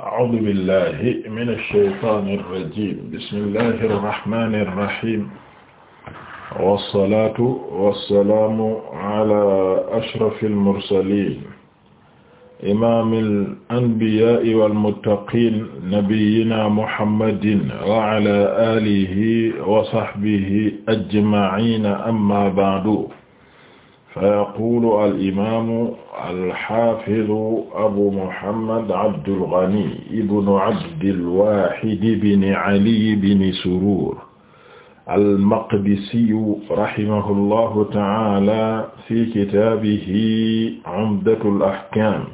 أعوذ بالله من الشيطان الرجيم بسم الله الرحمن الرحيم والصلاة والسلام على أشرف المرسلين إمام الأنبياء والمتقين نبينا محمد وعلى آله وصحبه أجمعين أما بعد fayaqulu al'imaamu alxaafidu abu muhammad abdul ghani ibnu abdil waahid ibni ali ibni suruur almaqdisiyu rahimahullaahu ta'aala fi kitaabihi umdatul ahkaam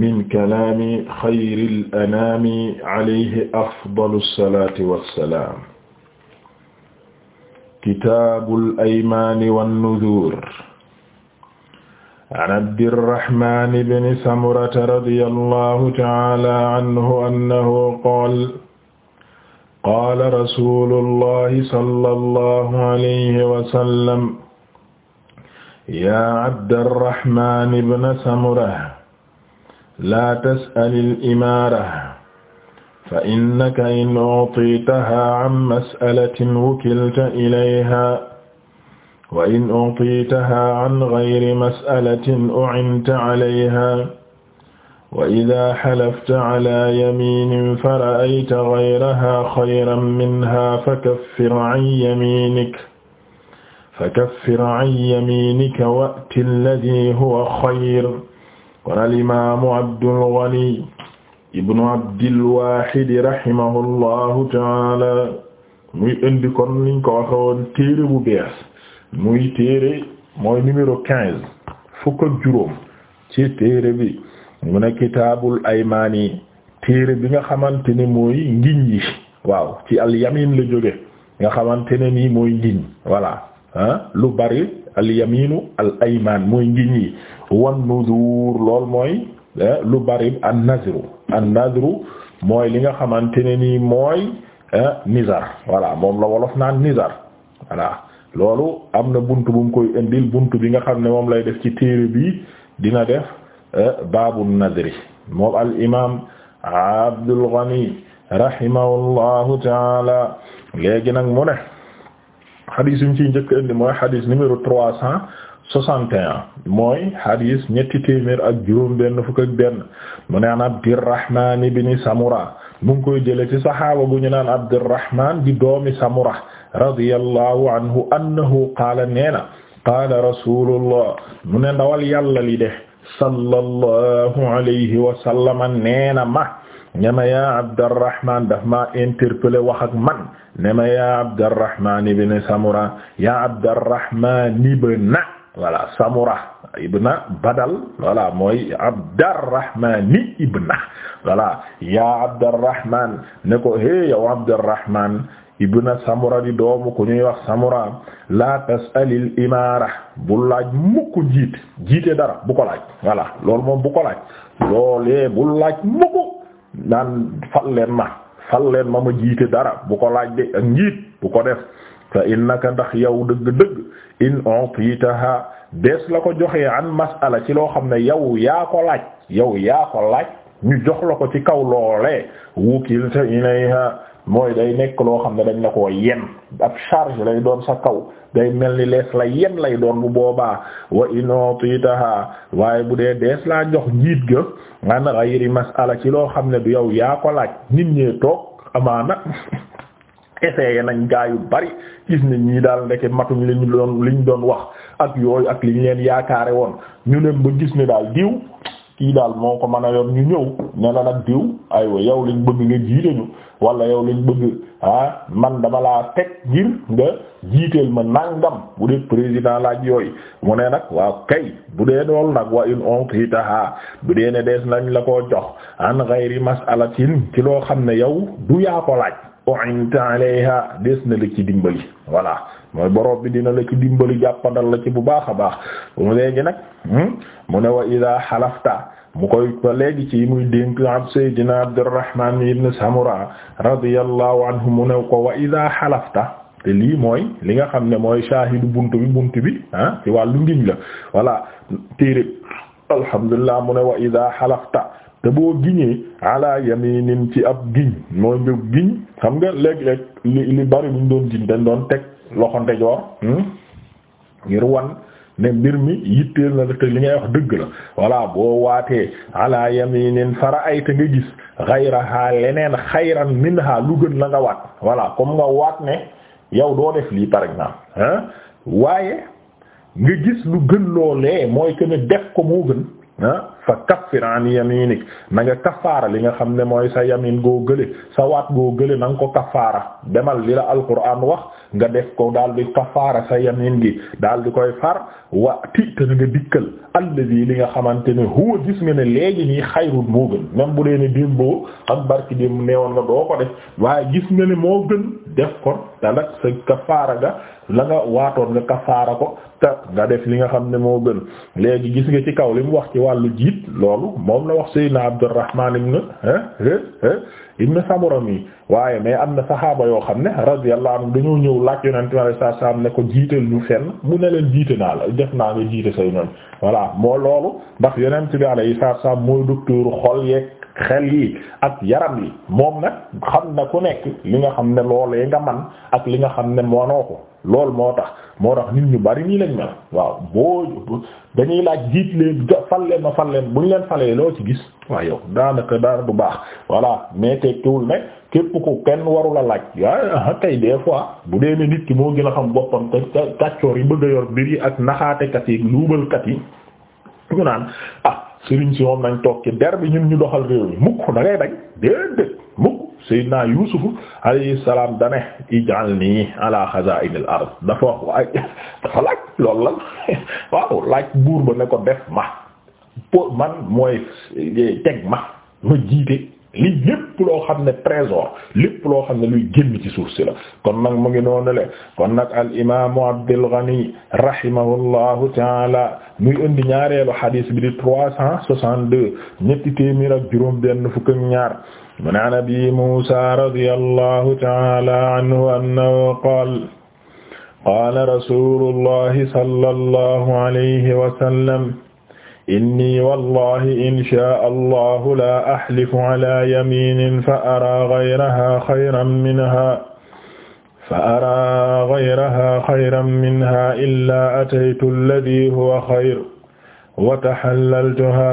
min kalaami xayril anaami alayhi afdalu salaati wa salaam kitaabul aymaani wan-nuzuur an Abdirrahmaani bni Samurata radiyallahu ta'aala anhu annahu qaala qaala rasuulullahi sallallahu alayhi wa sallam yaa Abdarrahmaani bna Samurata laa tas'alil imaarata fa innaka in u'titaha an mas'alatin wukilta ilayha wa in u'titaha an ghayri mas'alatin u'inta alayha wa idha halafta ala yaminin fara'ayta ghayraha khayran minha fakaffir 'an yaminika fakaffir 'an yaminika wa'ti alladhi huwa khayr qala al-imam Abdul Ghani ibnu abdilwahidi rahimahu llahu taala muy indi kon liñ ko waxe téere bu bees muy téere mooy numéro quinze fukk ak juróom ci téere bi mu ne aymaani téere bi nga xamante ne mooy ngiñ yi waaw ci alyamin la jóge nga xamante ne nii mooy ngiñ voilà ah, lu bari alyaminu al aymaan mooy ngiñ yi wan nuzur lool mooy eh, lu bari an nazru an-nadru mooy li nga xamante ne nii mooy eh, nizar voilà moom la wolof naan nizar voilà loolu am na bunt bu mu indil bunt bi nga xam ne moom lay def ci téere bi dina def eh, baabu nadri moom al imaam Abdul Ghani rahimahullahu taala léegi nag mu ne xadiis yi mu ciy njëkk indi mooy xadiis numéro trois cent soixante et un mooy hadis ñetti téeméer ak juróom benn fukk ak benn mu naan Abdirrahman ibn Samura mu ngi koy jële ci saxaaba gu ñu naan Abdirrahman di doomi Samura radiyallahu anhu annahu qaala neena qaala rasulullah mu ne ndawal yàlla li de sallallahu alayhi wa sallama neena ma ñema yaa Abdirrahman daf ma interpellé wax ak man ñema yaa Abdirrahman ibn Samura yaa Abdirrahman ibn voilà Samura ibna Badal voilà mooy Abdarrahmani ibna voilà yaa Abdarrahman ne ko hé yow Abdarrahman ibna Samura di doomu ku ñuy wax Samura la tasalil imaara bu laaj mukk jiit jiite dara bu ko laaj voilà loolu moom bu ko laaj loolee bu laaj mukk naan fal leen ma fal ma ma jiite dara bu ko laaj de ak njiit bu ko def fa innaka ndax yow dëgg-dëgg in utitaha dees la ko joxee an masala ci loo xam ne yow yaa ko laaj yow yaa ko laaj ñu jox la ko ci kaw loolee wukilta ilayha mooy day nekk loo xam ne dañ la ko yen ab charge lay doon sa kaw day mel ni lees la yen lay doon bu boobaa wa in utitaha waaye bu dee dees laa jox njiit ga an ghayri masala ci loo xam ne du yow yaa ko laaj nit ñee toog amaana essayé nañ gaa yu bari gis ne ñii daal ndeke matuñ li ñu doon li ñu doon wax ak yooyu ak li ñu leen yaakaare woon ñu leen ba gis ne daal diw kii daal moo ko mën a yor ñu ñëw ne la nag diw aywa yow liñ bëgg nga jiite ñu wala yow liñ bëgg ah man dama laa teg ngir nga jiiteel ma nangam bu dee président laaj yooy mu ne nag waaw kay bu dee dool nag wa in onqitaha bu dee ne dees nañ la ko jox an ghayri mas'alatin ci loo xam ne yow du yaa ko u'inta alayha des na dimbali voilà mooy borom bi dina la ci dimbali jàppandal la ci bu baax a baax mu léegi nag hmm? mu ne wa ida xalafta mu koy ba léegi ci muy dénk ab saydina Abdurrahman ibn Samura radiyallahu anhu mu ne ko wa ida xalafta te lii mooy li nga xam ne mooy shaahidu buntu bi buntu bi ah ci wàllu la voilà téere alhamdulillah mu ne wa ida xalafta te boo giñee ala yaminin ci ab giñ mooy mbir giñ xam nga léeg-léeg li li bari luñ doon giñ dañ doon teg loxo ndejoor hmm? ngir wan ne mbir mi yitteel na la te li ngay wax dëgg la voilà boo waatee ala yaminin fara ay te nga gis xayraha leneen xayran minha lu gën la nga waat voilà comme nga waat ne yow doo def lii par exemple hein waaye nga gis lu gën loolee mooy que ne def ko moo gën ah fa kaffir an yaminik na nga kafaara li nga xam ne mooy sa yamin goo gële sa waat goo gële na nga ko kafaara demal li la alquran wax nga def ko daal di kafaara sa yamin gi daal di koy far wa ti te nga dikkal alladi li nga xamante ne huwa gis nga ne léegi nii xayrun moo gën même bu dee ne dimboo ak barki dim neewoon nga doo ko def waaye gis nga ne moo gën def ko te nag sa kafaara ga la nga waatoon nga kafaara ko te nga def li nga xam ne moo gën léegi gis nga ci kaw li mu wax ci wàllu jiit loolu moom la wax naa Seydina Abdurrahman ibn ibn Samura mi waaye mais am na saxaaba yoo xam ne radiyallahu anhu dañoo ñëw laaj yonent mi alayhi salaam ne ko jiital ñu fenn mu ne leen jiite naa la def naa nga jiite say ñoñ voilà moo loolu ndax yonent bi alayhi salaam mooy docteur xol yeeg xel yi ak yaram yi moom nag xam na ku nekk li nga xam ne loolee nga man ak li nga xam ne moonoo ko loolu moo tax moo tax nit ñu bari nii lañ mel waaw boo dañuy laaj jiit leen fal leen ma fal leen bu ñu leen falee loo ci gis waaw yow daanaka dara du baax voilà mais tekkiwul ne képp ku kenn warul a laaj ah kay des fois bu dee ne nit ki moo gën a xam boppam te kàccoor yi bëgg a yor mbir yi ak naxaatekat yi luubalkat yi ñu naan ah sëriñ si moom nañ toog ci der bi ñun ñu doxal réew mi mukk da ngay bañ mukk Seydina Yuusuf alayhi salaam dane ij'alni ala xazaa'inil ard dafa wax waay dafa laaj loolu la waaw laaj buur ba ne ko def ma mooy eh, ma ma jiite li lépp loo xam ne trésor lépp loo xam ne luy génn ci suuf si la kon nag mu ngi noonu le kon nag al imaamu Abdul Ghani rahimahullahu taala muy indi ñaareelu xadiis bi di trois cent soixante-deux ñetti téeméer ak juróom benn fukk ak ñaar mu ne an abi Muusaa radiyallahu ta'ala anhu annahu qaala qaala rasuulullahi sallallahu alayhi wa sallam inni wallahi in shaa allahu la ahlifu ala yamiinin fa araa gayraha xayran minha فأرى غيرها خيرا منها إلا أتيت الذي هو خير وتحللتها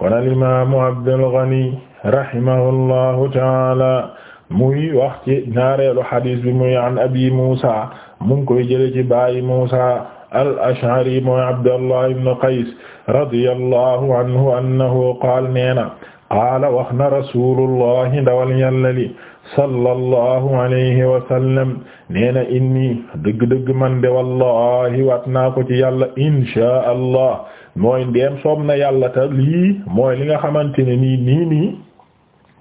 قال الإمام عبد الغني rahimahullahu taala muy wax ci ñaareelu xadis bi muy an abi Muusa mu ngi koy jële ci baayi Muusa al-Ash'ari mooy Abdallah ibn Qays radiyallahu anhu annahu qaal neena qaala wax na rasulullahi ndawal yàlla li sallallahu alayhi wa sallam neena inni dëgg-dëgg man de wallahi waat naa ko ci yàlla inshaa allah mooy ndeem soob na yàlla ta lii mooy li nga xamante ne nii nii nii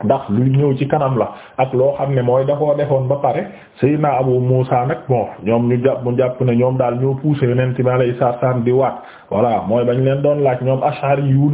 ndax lu ñëw ci kanam la ak loo xam ne mooy dafoo defoon ba pare Seydina Abu Muusa nag moo ñoom ñu jàpp mu jàpp ne ñoom daal ñoo poussé yonent bi alayhi salaam di waat voilà mooy bañ leen doon laaj ñoom ashari yu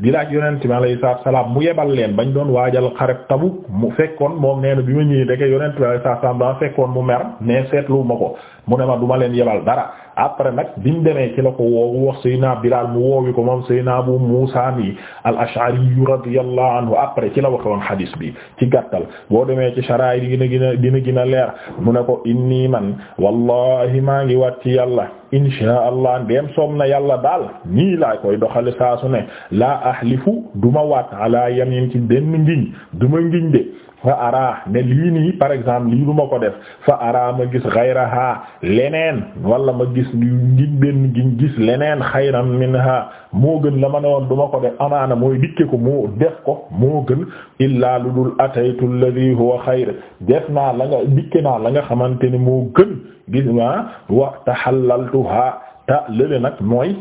di laaj yonent bi alayhi salaam mu yebal leen bañ doon waajal xaret Tabuk mu fekkoon moom nee bi ma ñëwee ndeke yonent bi alayhi salaam daa fekkoon mu mer mais seetlu ma ko mu ne ma duma leen yebal dara après nag biñ demee ci la ko woowu wax Seydina Bilaal mu woowi ko moom Seydina Abu Muusaa mi al-Ash'ari radiyallahu anhu après ci la waxoon xadiis bi ci gàttal boo demee ci sharaay di gën a gën a dina gën a leer mu ne ko inni man wallahi maa ngi wat ci yàlla insha allah ndeem soom na yàlla daal nii laa koy doxale saa su ne laa ahlifu duma wat ala yamin ci benn ngiñ duma ngiñ de fa ara ne lii nii par exemple lii du ma ko def fa ara ma gis xayraha leneen wala ma gis ngi benn gi gis leneen xayran minha moo gën la ma ne woon du ma ko def amaana mooy dikke ko moo def ko moo gën illaa lu dul ataytu alladhi huwa xayr def naa la nga dikke naa la nga xamante ne moo gën gis ma wa tahallaltuha ta ah lële nag mooy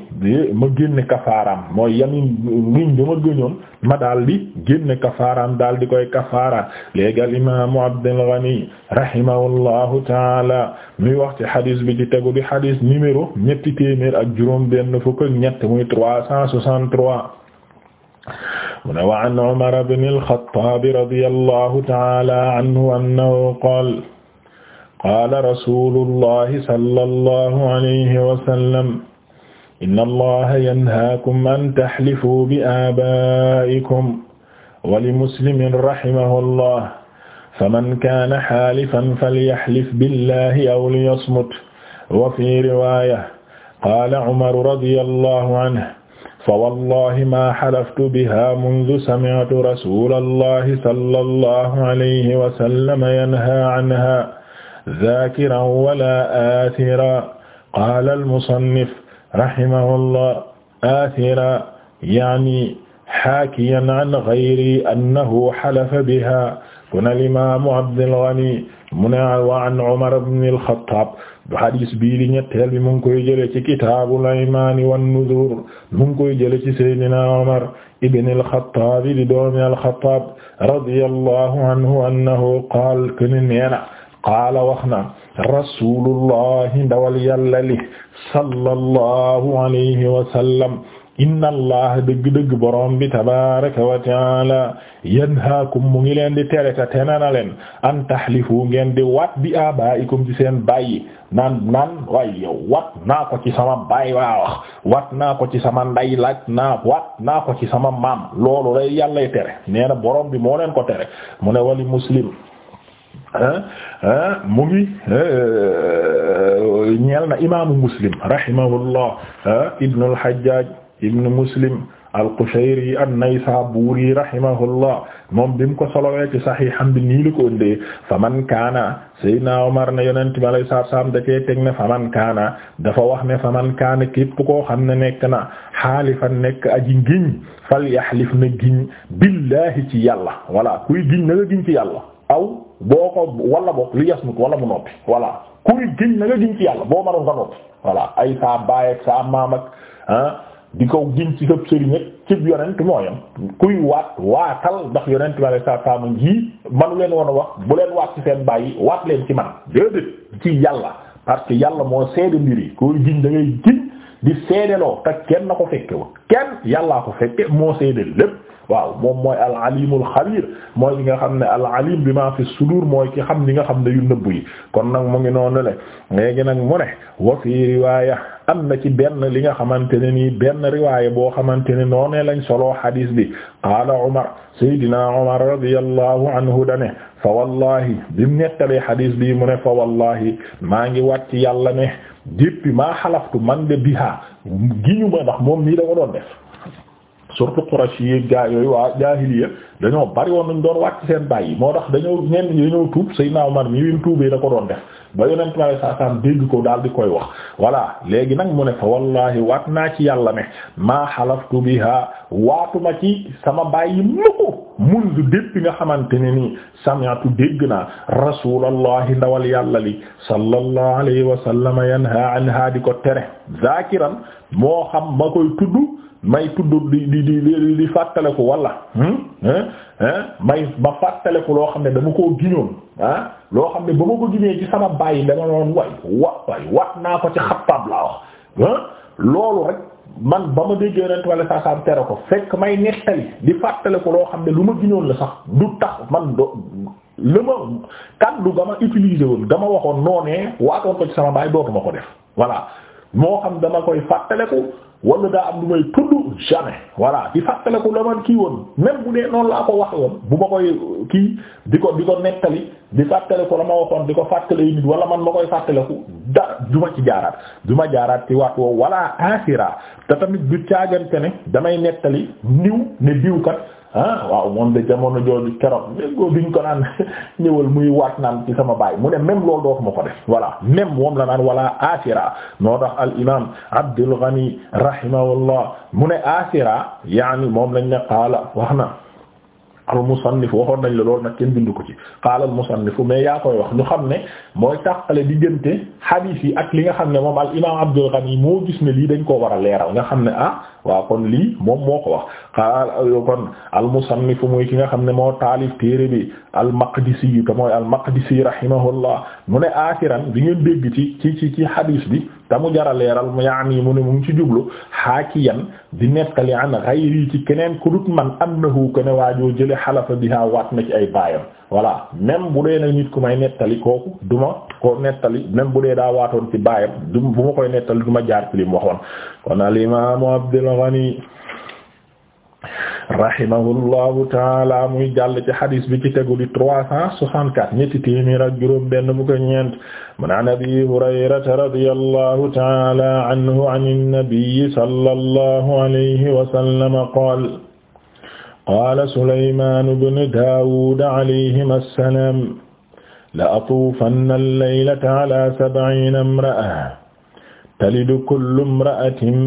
ma génne kafaaraam mooy yamin ngiñ bi ma ma daal di génne kafaaraam daal di koy kafaara léegi al imaamu Abdul Ghani taala muy wax ci xadis bi ci tegu di xadis numéro ñetti téeméer ak juróom benn fukk ak trois cent soixante-trois mu wa an Umar ibn al-Khattab radiyallahu taala anhu annahu qaala qaala rasuulullahi sallallahu alayhi wa sallam inna allaha yanhaakum an tahlifuu bi aabaa'ikum wa limuslimin rahimahullah faman kaana haalifan falyahlif billahi aw liyasmut wa fi riwaaya qaala umaru radiyallahu anhu fawallahi maa halaftu bihaa mundu sami'tu rasuulallahi sallallahu alayhi wa sallam yanhaa anhaa zaakiran wala aatira qaala al-musannif rahimahullah aatira yaani haakiyan an ghayri annahu halafa bihaa kon al-imaamu Abdul Ghani mu ne wa an Umar ibn al-Khattaab du hadiis bii di ñetteel bi mu ngi koy jëlee ci kitaabul iimaan wan-nuzuur mu ngi koy jëlee ci Seydina Umar ibn al-Khattaab di doomi al-Khattaab radiyallaahu anhu annahu qaala qaala wax na rasulullahi ndawal yàlla li sallallahu alayhi wa sallam inna allah dëgg-dëgg borom bi tabaraka wa taala yanhaakum mu ngi leen di tere ta tena na leen an tahlifu ngeen di waat bi abaikum ci seen bàyyi naan naan waay yow wat naa ko ci sama baay waa wax wat naa ko ci sama nday laaj naa wat naa ko ci sama maam loolu lay yàllay tere nee na borom bi moo leen ko tere mu ne wali muslim mu ngi euh, ñeel na imaamu muslim rahimahullah ibnu al-Hajjaj ibnu muslim al-Qushayri an-Naysaburi rahimahullah moom bi mu ko solowee ci saxiixam bi nii la ko ëndee faman kaana Seydina Omar ne yonent bi alayhi salaatu da cee teg ne faman kaana dafa wax ne faman kaana képp ko xam ne nekk na xaalifan nekk aji ngiñ fal yaxlif na giñ billahi ci yàlla walla kuy giñ na nga giñ ci yàlla aw boo ko wala boog li yasmut wala mu noppi voilà kuy giñ na nga giñ ci yàlla boo mënoon nga noppi voilà ay saa baay ak saa maam ak di ko giñ ci sëb sëriñ ak cib yonent moo yam kuy waat waatal ndax yonent ma sa saa ma ji manu leen a wax bu leen waat ci seen bàyyi waat leen ci man déedéet ci yàlla parce que yàlla moo seede mbir yi kuy giñ da giñ di seedeloo te kenn na ko fekke woon kenn yàllaa ko fekke moo seede lépp. waaw moom mooy al alimul xabiir mooy ki nga xam ne al alim bi ma fi sudur mooy ki xam li nga xam ne yu nëbb kon nag mu ngi noonu le léegi nag mu ne wa fii riwaaya am na ci benn li nga xamante ne nii benn riwaaya boo xamante ne noonee lañ solo xadiis bi qaala Umar saydina Umar radiyallahu anhu dane fa wallahi bimu nettalee xadiis bi mo ne fa wallahi maa ngi wat ci yàlla ne déppi maa xalaftu man de biha giñu ma ndax moom nii da surtout Quraysh yi gaa yooyu waa jaahiliya dañoo bari woon nañ doon wàcc seen bàyyi moo tax dañoo ñenn ñi dañoo tuub Seydina Omar mi bi mu tuubee da ko doon def ba yonent bi saa saam dégg ko daal di koy wax voilà léegi nag mu ne fa wallahi wat naa ci yàlla ne maa xalaftu biha waatuma ci sama bàyyi mukk mundu dépp nga xamante ni nii sami'tu dégg naa rasulallahi ndawal yàlla li sallallahu alayhi wa sallam yanha anha di ko tere zakiran moo xam ma koy tudd may tudd di di di di fàttale ko wala hmm, hmm? may ma fàttaleku loo xam ne dama koo giñoon ah loo xam ne ba ma ko giñee ci sama bàyyi dama noon way wa way wat naa ko ci xattaab laa wax ah loolu rek man ba ma dégg yonent wala saa saa tere ko fekk may nettali di fàttaleku loo xam ne lu ma giñoon la sax du tax man do la ma kàddu ga ma utilisé woon dama waxoon noonee waatoon ko ci sama bàyyi dootuma ko def voilà moo xam dama koy fàttaleku wala daa am lu may tudd jamais voilà di fàttaleku la man kii woon même bu dee noonu laa ko waxe woon bu ma koy kii di ko di ko nettali di fàttaleku la ma waxoon di ko fàttale nit wala man ma koy fàttaleku da du ci jaaraat du ma jaaraat ci waxtu woo wala te tamit du caagante ne damay nettali niw ne diw kat ah waaw moom de jamono jooju keroog déggoo biñ ko naan ñëwal muy waat naan ci sama baay mu ne même loolu dootuma ko def voilà même moom la naan wala asira noo tax al imam Abdul Ghani rahimahullah mu ne asira yaani moom lañ ne qaala wax na al musannif waxoon nañ la lool nag kenn bindu ko ci qaala al musannif mais yaa koy wax ñu xam ne mooy tàqale diggante hadith yi ak li nga xam ne moom al imam Abdul Ghani moo gis ne lii dañ koo war a leera nga xam ne ah waaw kon lii moom moo ko wax xaal euh, kon almusannifu muy ki nga xam ne moo taalif téere bi almaqdisi yi te mooy almaqdisi rahimahullah mu ne aaxiran bi ngeen dégg ci ci ci ci hadis bi te mu jar a yaani mu ne mu ngi ci jublu haakiyan di nettali an ghayri ci keneen ku dut man annahu ko ne waajoo jële xalafa biha waat na ci ay baayam voilà même bu dee nag nit ku may nettali kooku duma ko nettali même bu dee daa waatoon ci baayam du bu ma koy nettali du ma jaar ci li mu waxoon kon al imaamu Abdul Ghani rahimahullahu taala muy jàll ci hadis bi ci tegu di trois cent soixante-quatre ñetti téeméer ak juróom benn bu ko ñeent mu naan Abi Hurayrata radiyallahu taala anhu an an-nabi sallallahu alayhi wa sallam qaala qaala Sulaymaan ibn Daawuud alayhima assalaam la atuufanna al-laylata ala sab'iina imra'a talidu kullu imra'atin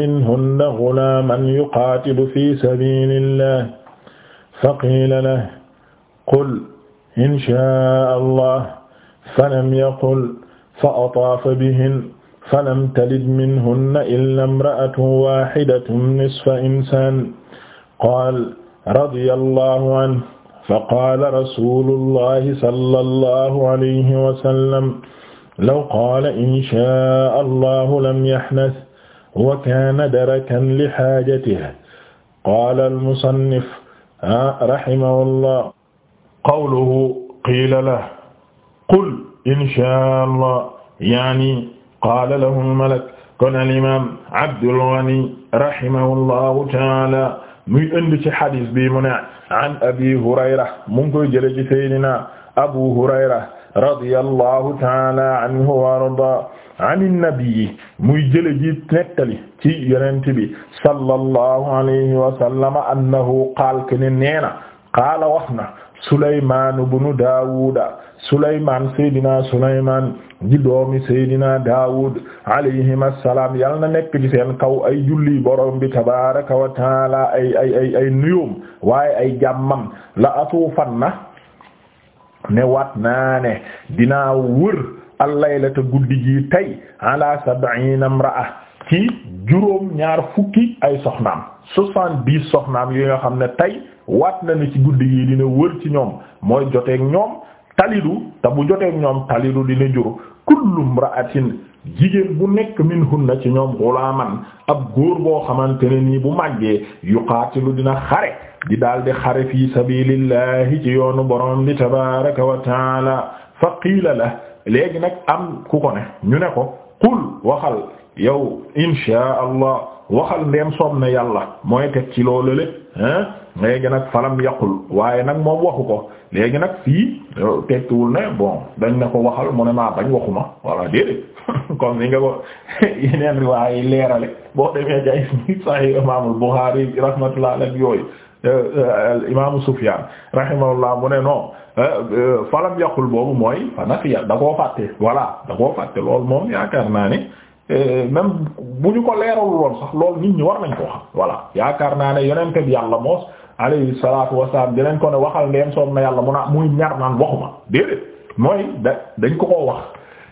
minhunna ghulaaman yuqaatilu fi sabiilillah faqiila lahu qul in shaa'a allah falam yaqul fa'ataafa bihin falam talid minhunna illa imra'atun waahidatun nisfa insaan qaala radiyallahu anhu faqaala rasuulullahi sallallahu alayhi wa sallam law qaala in shaa allahu lam yahnas wa kaana darakan li haajatihi qaala al-musannif rahimahullah qawluhu qiila lahu qul in shaa allah yaani qaala lahu al-malak kon al-imaam Abdul Ghani rahimahullahu ta'aala muy indi ci hadiis bi mu ne an abi hurayra mu ngi koy jële ci sayyidina abu hurayra radiyallahu taala anhu wa arda an innabii muy jële ji nettali ci yonent bi sallallahu alayhi wa sallama annahu qaal ke ne neena qaala wax na sulaymaan ibnu daawuda Souleymane Seydina Souleymane di doomi Seydina Daoud alayhim assalaam yal na nekk ci seen kaw ay julli borom bi tabaaraka wa taala ay ay ay nuyoom waaye ay jàmmam la atuufanna ne waat naa ne dinaa wër allaylata guddi gi tey ala sab'iina imra'a ci juróom ñaar fukki ay soxnaam soixante-dix soxnaam yi nga xam ne tey waat na ne ci guddi gi dina wër ci ñoom mooy joteek ñoom. talidu te bu joteek ñoom talidu dina jur kullu imra'atin jigéen bu nekk minhunna ci ñoom ghulaman ab góor boo xamante ne nii bu màggee yuqaatilu dina xare di daal di xare fi sabilillahi ci yoonu borom bi tabaraka wa taala fa qiila la léegi nag am ku ko ne ñu ne ko qul waxal yow inshaa allah waxal ndeem soom na yàlla mooy teg ci loolu le hein léegi nag falam yaqul waaye nag moom waxu ko léegi nag fii tekkiwul ne bon dañ ne ko waxal mu ne maa bañ waxuma walla déedéet comme li nga ko yeneen riwaay yi leerale boo demee jaay sahih imaamul Bukhari rahmatullah alayhi yooyu euh, euh, imaamu Sufyaan rahimahullah mu ne non euh, falam yaqul boobu mooy fa nafiya da koo fàtte voilà da koo fàtte loolu moom yaakaar naa ne Euh, même bu ñu ko leeralul woon sax loolu nit ñi war nañ ko xam voilà yaakaar naa ne yonente bi yàlla moos alayhi saa wasalaam dinañ ko ne waxal ndeem soob na yàlla mun a muy ñaar naan waxuma déedéet mooy da dañ ko koo wax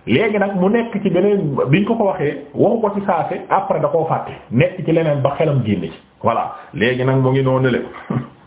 léegi nag mu nekk ci beneen biñ ko ko waxee waxu ko ci saase après da koo fàtte nekk ci leneen ba xelam génn ci voilà léegi nag mu ngi noonu le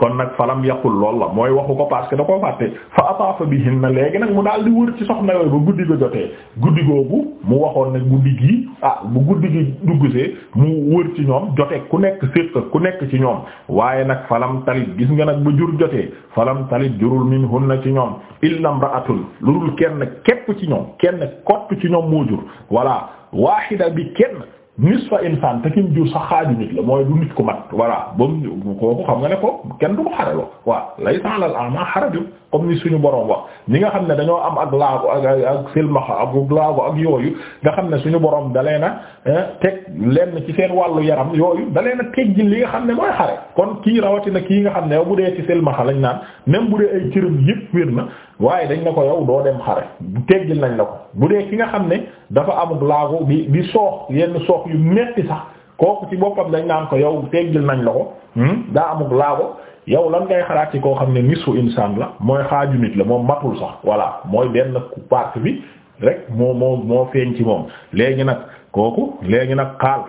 kon nag falam yaqul lool la mooy waxu ko parce que da koo fàtte fa ataafa bihin na léegi nag mu daal di wër ci soxna yooyu ba guddi ga jotee guddi googu mu waxoon ne guddi gii ah bu guddi gi duggsee mu wër ci ñoom jotee ku nekk séq ku nekk ci ñoom waaye nag falam talit gis nga nag ba jur jotee falam talit jurul na ci ñoom illa imra'atun lu dul kenn képp ci ñoom kenn kott ci ñoom moo jur voilà wahida bi kenn nis fa insaan te kim jur sax xaaju nit la mooy du nit ku mat voilà bamu kooku xam nga ne ko kenn du ko xaraloo waaw lay saalal ama xarajum comme ni suñu borom wax ñi nga xam ne dañoo am ak laago ak ak silmaxa ak laago ak yooyu nga xam ne suñu borom dalee na eh, teg lenn ci seen wàllu yaram yooyu dalee na teg ji li nga xam ne mooy xare kon kii rawatina kii nga xam ne yow bu dee ci silmaxa lañ naan même bu dee ay cërëm yëpp wér na waaye dañ na ko yow doo dem xare teggil nañ la ko bu dee nga xam ne dafa am laago bi bi soox yu metti sax kooku ci boppam dañ naan ko yow teggil nañ la ko hmm? daa amuk laago yow lan ngay xalaat ci koo xam ne nisfu insaan la mooy xaaju nit la moom matul sax voilà mooy benn ku partie bi rek moo moo moo feeñ ci moom léegi nag kooku léegi nag xaal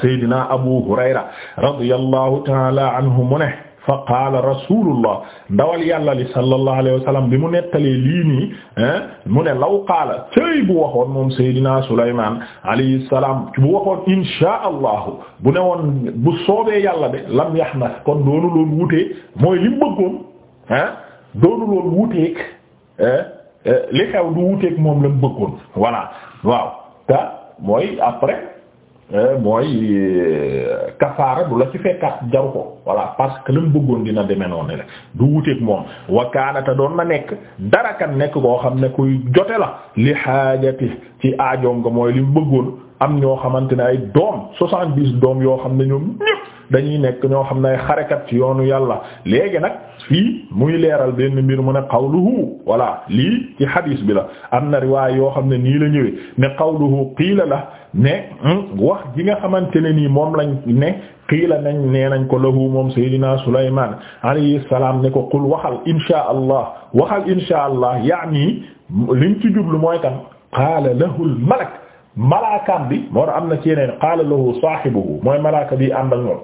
Seydina Abu Hurayra radiyallahu ta'ala mu ne fa qaala rasulullah ndawal yàlla li sallallahu alayhi wa sallam bi mu nettalee lii nii mu ne law qaala tey bu waxoon moom Seydina Sulaymaan alayhi salaam bu waxoon inshaa allahu bu ne woon bu soobee yàlla de lam yahmas kon doonu loon wutee mooy li bëggoon ah doonu loon wuteek li xew du wuteek moom la mu bëggoon voilà waaw ta mooy après. Eh, mooy eh, kafaara du la ci fekkaat jaru ko voilà parce que la mu bëggoon dina demee noonu la du wuteeg moom wakaanata doon la nekk dara kan nekk koo xam ne kuy jote la li xaajati ci aajoom nga mooy li mu bëggoon am ñoo xamante ne ay doom soixante-dix doom yoo xam ne ñoom ñépp dañuy nekk ñoo xam ne ay xarekat ci yoonu yàlla léegi nag fii muy leeral benn mbir mu ne qawluhu walla lii ci xadiis bi la am na riwaay yoo xam ne nii la ñëwee ne qawluhu qiila la ne hmm, wax ji nga xamante ne nii moom lañ ne qiila nañ nee nañ ko lahu moom Seydina Sulaymaan alayhi salaam ne ko qul waxal inshaa allah waxal inshaa allah yaani liñ ci jublu mooy tam qaala lahul malak malaakaan bi moo am na ci yeneen qaala lahu saahibuhu mooy malaaka bi ànd ak ñoom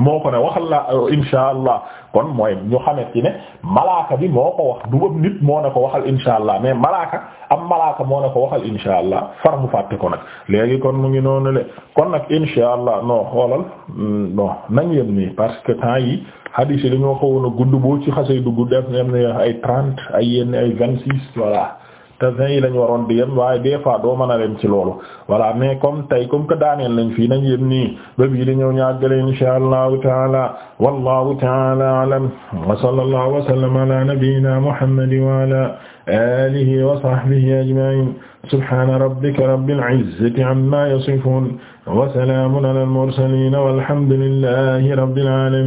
moo ko ne waxal la euh, insha allah kon mooy ñu xamante ne malaaka bi moo ko wax du nit moo ne ko waxal insha allah mais malaaka am malaaka moo ne ko waxal insha allah far mu fàtte ko nag léegi kon mu ngi noonu le kon nag insha allah non xoolal mm, bon nañ yem nii parce que temps yi hadith yi dañoo xawoon a gudd boo ci xasee dugg def ne am na ay trente ay yenn ay vingt six voilà te vingt yi lañ waroon di yem waaye des fois doo mën a yem ci loolu voilà mais comme tey comme que daaneel nañ fii nañ yem nii ba bii di ñëw ñaagale insha allahu taala wallahu taala alam wa sallallahu wa sallam ala nabiyyina muhammadin wa ala alihi wa sahbihi ajma'in subhana rabbika rabbil izzati amma yasifun wa salamun ala al mursalin walhamdulillahi rabbil alamin